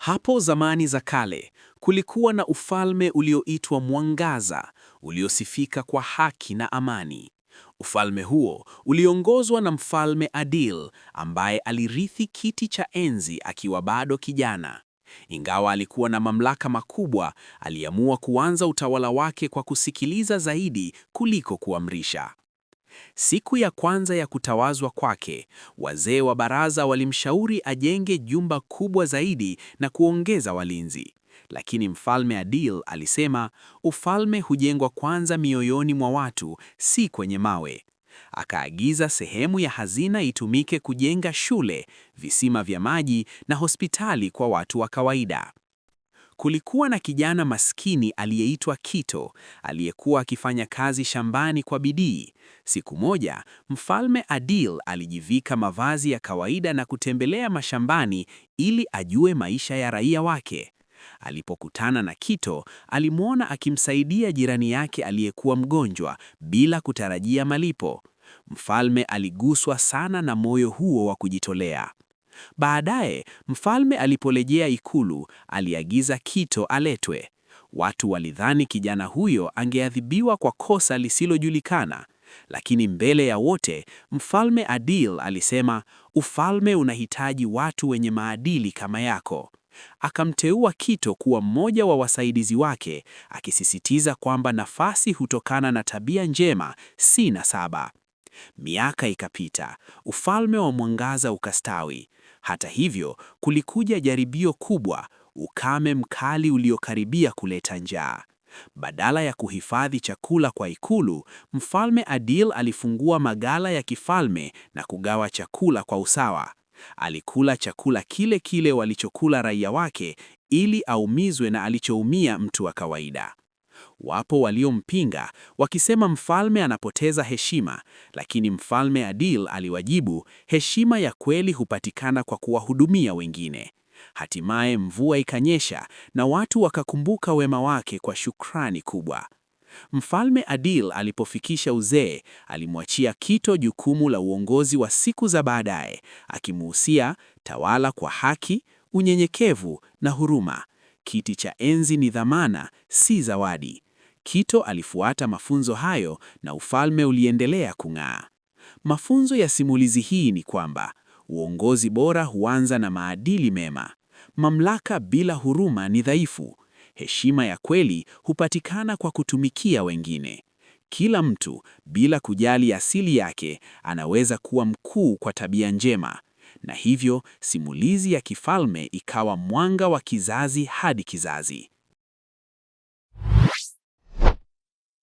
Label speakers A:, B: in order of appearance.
A: Hapo zamani za kale kulikuwa na ufalme ulioitwa Mwangaza, uliosifika kwa haki na amani. Ufalme huo uliongozwa na Mfalme Adil ambaye alirithi kiti cha enzi akiwa bado kijana. Ingawa alikuwa na mamlaka makubwa, aliamua kuanza utawala wake kwa kusikiliza zaidi kuliko kuamrisha. Siku ya kwanza ya kutawazwa kwake, wazee wa baraza walimshauri ajenge jumba kubwa zaidi na kuongeza walinzi. Lakini Mfalme Adil alisema, ufalme hujengwa kwanza mioyoni mwa watu, si kwenye mawe. Akaagiza sehemu ya hazina itumike kujenga shule, visima vya maji na hospitali kwa watu wa kawaida. Kulikuwa na kijana maskini aliyeitwa Kito, aliyekuwa akifanya kazi shambani kwa bidii. Siku moja, Mfalme Adil alijivika mavazi ya kawaida na kutembelea mashambani ili ajue maisha ya raia wake. Alipokutana na Kito, alimwona akimsaidia jirani yake aliyekuwa mgonjwa bila kutarajia malipo. Mfalme aliguswa sana na moyo huo wa kujitolea. Baadaye mfalme aliporejea ikulu, aliagiza Kito aletwe. Watu walidhani kijana huyo angeadhibiwa kwa kosa lisilojulikana, lakini mbele ya wote mfalme Adil alisema, ufalme unahitaji watu wenye maadili kama yako. Akamteua Kito kuwa mmoja wa wasaidizi wake, akisisitiza kwamba nafasi hutokana na tabia njema, si nasaba. Miaka ikapita, ufalme wa mwangaza ukastawi. Hata hivyo, kulikuja jaribio kubwa, ukame mkali uliokaribia kuleta njaa. Badala ya kuhifadhi chakula kwa ikulu, Mfalme Adil alifungua magala ya kifalme na kugawa chakula kwa usawa. Alikula chakula kile kile walichokula raia wake ili aumizwe na alichoumia mtu wa kawaida. Wapo waliompinga wakisema mfalme anapoteza heshima, lakini Mfalme Adil aliwajibu, heshima ya kweli hupatikana kwa kuwahudumia wengine. Hatimaye mvua ikanyesha na watu wakakumbuka wema wake kwa shukrani kubwa. Mfalme Adil alipofikisha uzee, alimwachia Kito jukumu la uongozi wa siku za baadaye, akimuhusia tawala kwa haki, unyenyekevu na huruma kiti cha enzi ni dhamana, si zawadi. Kito alifuata mafunzo hayo na ufalme uliendelea kung'aa. Mafunzo ya simulizi hii ni kwamba uongozi bora huanza na maadili mema. Mamlaka bila huruma ni dhaifu. Heshima ya kweli hupatikana kwa kutumikia wengine. Kila mtu bila kujali asili yake anaweza kuwa mkuu kwa tabia njema na hivyo simulizi ya kifalme ikawa mwanga wa kizazi hadi kizazi.